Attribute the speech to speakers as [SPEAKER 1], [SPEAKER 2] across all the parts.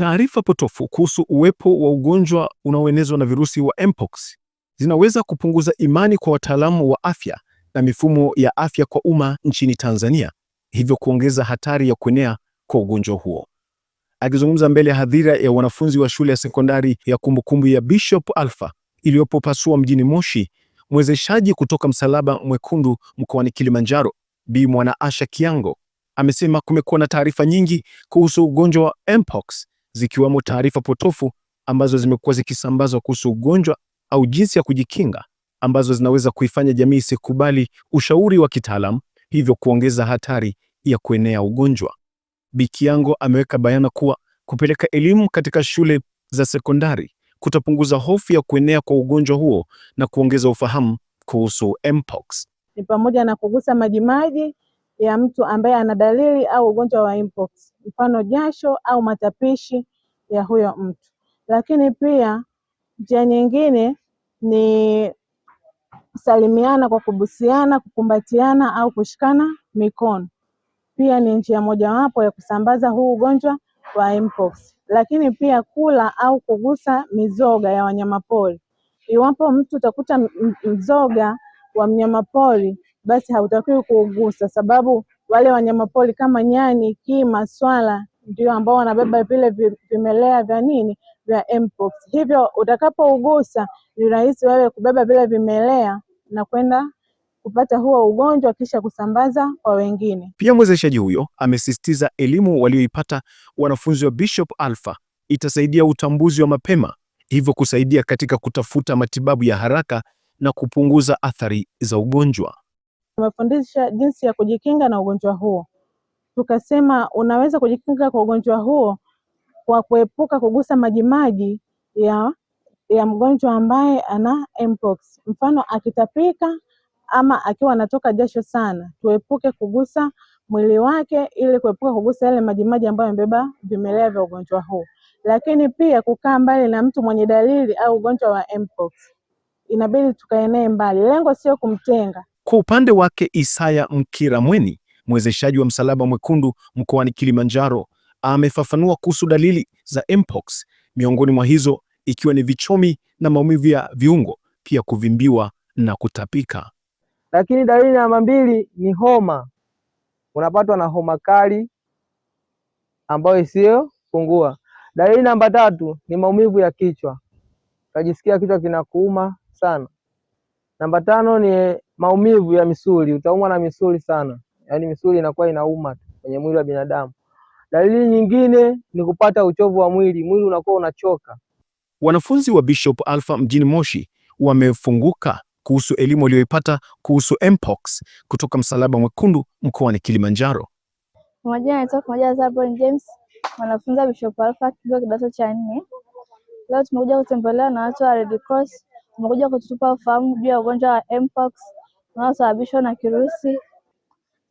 [SPEAKER 1] Taarifa potofu kuhusu uwepo wa ugonjwa unaoenezwa na virusi wa mpox zinaweza kupunguza imani kwa wataalamu wa afya na mifumo ya afya kwa umma nchini Tanzania, hivyo kuongeza hatari ya kuenea kwa ugonjwa huo. Akizungumza mbele ya hadhira ya wanafunzi wa shule ya sekondari ya kumbukumbu ya Bishop Alpha iliyopo Pasua mjini Moshi, mwezeshaji kutoka Msalaba Mwekundu mkoani Kilimanjaro, Bi Mwanaasha Kiango amesema kumekuwa na taarifa nyingi kuhusu ugonjwa wa mpox zikiwemo taarifa potofu ambazo zimekuwa zikisambazwa kuhusu ugonjwa au jinsi ya kujikinga ambazo zinaweza kuifanya jamii isikubali ushauri wa kitaalam, hivyo kuongeza hatari ya kuenea ugonjwa. bikiango ameweka bayana kuwa kupeleka elimu katika shule za sekondari kutapunguza hofu ya kuenea kwa ugonjwa huo na kuongeza ufahamu kuhusu Mpox.
[SPEAKER 2] Ni pamoja na kugusa majimaji ya mtu ambaye ana dalili au ugonjwa wa mpox mfano jasho au matapishi ya huyo mtu. Lakini pia njia nyingine ni salimiana kwa kubusiana, kukumbatiana au kushikana mikono, pia ni njia mojawapo ya kusambaza huu ugonjwa wa mpox. Lakini pia kula au kugusa mizoga ya wanyamapori, iwapo mtu utakuta mzoga wa mnyamapori basi hautakiwi kuugusa, sababu wale wanyamapori kama nyani, kima, swala ndio ambao wanabeba vile vimelea vya nini vya mpox. Hivyo utakapougusa ni rahisi wewe kubeba vile vimelea na kwenda kupata huo ugonjwa kisha kusambaza kwa wengine.
[SPEAKER 1] Pia mwezeshaji huyo amesisitiza elimu walioipata wanafunzi wa Bishop Alpha itasaidia utambuzi wa mapema, hivyo kusaidia katika kutafuta matibabu ya haraka na kupunguza athari za ugonjwa
[SPEAKER 2] tumefundisha jinsi ya kujikinga na ugonjwa huo, tukasema unaweza kujikinga kwa ugonjwa huo kwa kuepuka kugusa majimaji ya ya mgonjwa ambaye ana mpox. Mfano akitapika ama akiwa anatoka jasho sana, tuepuke kugusa mwili wake ili kuepuka kugusa yale majimaji ambayo yamebeba vimelea vya ugonjwa huu. Lakini pia kukaa mbali na mtu mwenye dalili au ugonjwa wa mpox, inabidi tukaenee mbali. Lengo sio kumtenga,
[SPEAKER 1] kwa upande wake, Isaya Mkiramweni, mwezeshaji wa Msalaba Mwekundu mkoani Kilimanjaro, amefafanua kuhusu dalili za mpox, miongoni mwa hizo ikiwa ni vichomi na maumivu ya viungo, pia kuvimbiwa na kutapika.
[SPEAKER 3] Lakini dalili namba mbili ni homa. Unapatwa na homa kali ambayo isiyopungua. Dalili namba tatu ni maumivu ya kichwa, unajisikia kichwa kinakuuma sana. Namba tano ni maumivu ya misuli, utaumwa na misuli sana, yaani misuli inakuwa inauma kwenye mwili wa binadamu. Dalili nyingine ni kupata uchovu wa mwili, mwili unakuwa unachoka.
[SPEAKER 1] Wanafunzi wa Bishop Alpha mjini Moshi wamefunguka kuhusu elimu waliyoipata kuhusu Mpox kutoka Msalaba Mwekundu mkoani Kilimanjaro.
[SPEAKER 4] Majina naitwa Kumoja Zabron James, mwanafunzi wa Bishop Alpha kidato cha nne. Leo tumekuja kutembelewa na watu wa Red Cross umekuja kutupa ufahamu juu ya ugonjwa wa mpox unaosababishwa na kirusi.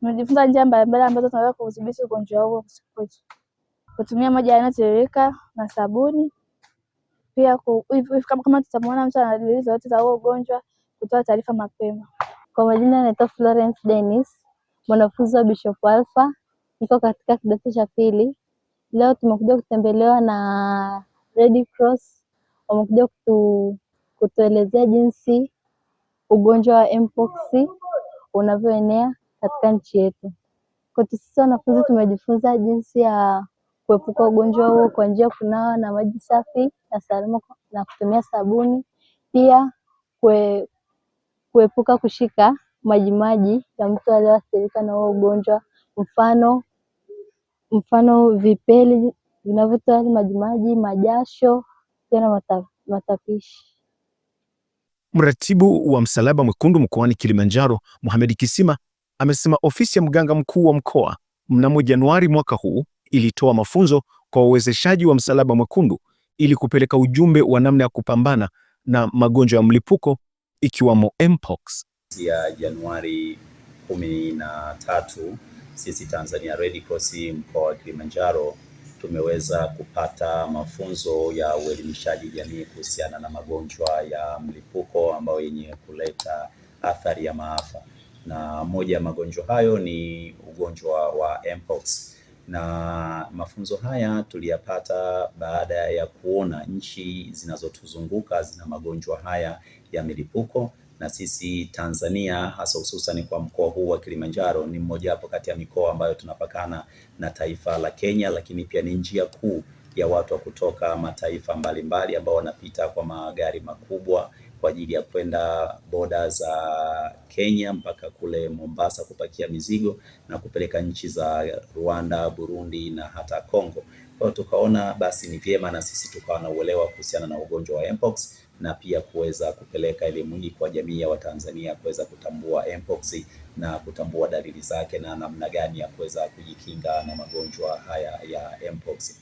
[SPEAKER 4] Tumejifunza njia mbalimbali ambazo tunaweza kudhibiti ugonjwa huo, kutumia maji yanayotiririka na sabuni. Pia kama tutamwona mtu ana dalili zote za huo ugonjwa, kutoa taarifa mapema.
[SPEAKER 5] Kwa majina anaitwa Florence Dennis, mwanafunzi wa Bishop Alpha, niko katika kidato cha pili. Leo tumekuja kutembelewa na Red Cross, wamekuja kutu kutuelezea jinsi ugonjwa wa mpox unavyoenea katika nchi yetu. Kwetu sisi wanafunzi tumejifunza jinsi ya kuepuka ugonjwa huo kwa njia kunawa na maji safi na salama na kutumia sabuni, pia kuepuka kushika majimaji ya mtu aliyeathirika na huo ugonjwa, mfano mfano vipele vinavyotoa majimaji, majasho pia na matapishi.
[SPEAKER 1] Mratibu wa Msalaba Mwekundu mkoani Kilimanjaro, Mohamed Kisima, amesema ofisi ya mganga mkuu wa mkoa mnamo Januari mwaka huu ilitoa mafunzo kwa wawezeshaji wa Msalaba Mwekundu ili kupeleka ujumbe wa namna ya kupambana na magonjwa ya mlipuko ikiwamo Mpox.
[SPEAKER 6] Ya Januari 13 sisi Tanzania Red Cross mkoa wa Kilimanjaro tumeweza kupata mafunzo ya uelimishaji jamii kuhusiana na magonjwa ya mlipuko ambayo yenye kuleta athari ya maafa, na moja ya magonjwa hayo ni ugonjwa wa mpox na mafunzo haya tuliyapata baada ya kuona nchi zinazotuzunguka zina magonjwa haya ya milipuko na sisi Tanzania hasa hususan kwa mkoa huu wa Kilimanjaro ni mmoja wapo kati ya mikoa ambayo tunapakana na taifa la Kenya, lakini pia ni njia kuu ya watu wa kutoka mataifa mbalimbali ambao wanapita kwa magari makubwa kwa ajili ya kwenda boda za Kenya mpaka kule Mombasa kupakia mizigo na kupeleka nchi za Rwanda, Burundi na hata Kongo. Kwa tukaona basi ni vyema na sisi tukawa na uelewa kuhusiana na ugonjwa wa mpox na pia kuweza kupeleka elimu hii kwa jamii ya Watanzania kuweza kutambua mpox na kutambua dalili zake na namna gani ya kuweza kujikinga na magonjwa haya ya mpox.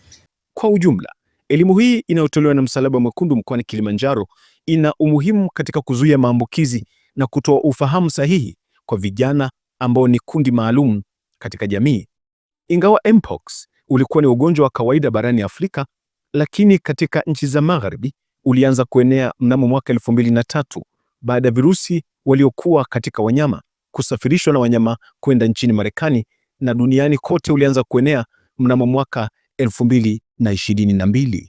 [SPEAKER 1] Kwa ujumla, elimu hii inayotolewa na Msalaba Mwekundu mkoani Kilimanjaro ina umuhimu katika kuzuia maambukizi na kutoa ufahamu sahihi kwa vijana ambao ni kundi maalum katika jamii. Ingawa mpox ulikuwa ni ugonjwa wa kawaida barani Afrika, lakini katika nchi za Magharibi ulianza kuenea mnamo mwaka tatu baada ya virusi waliokuwa katika wanyama kusafirishwa na wanyama kwenda nchini Marekani na duniani kote ulianza kuenea mnamo mwaka 2022.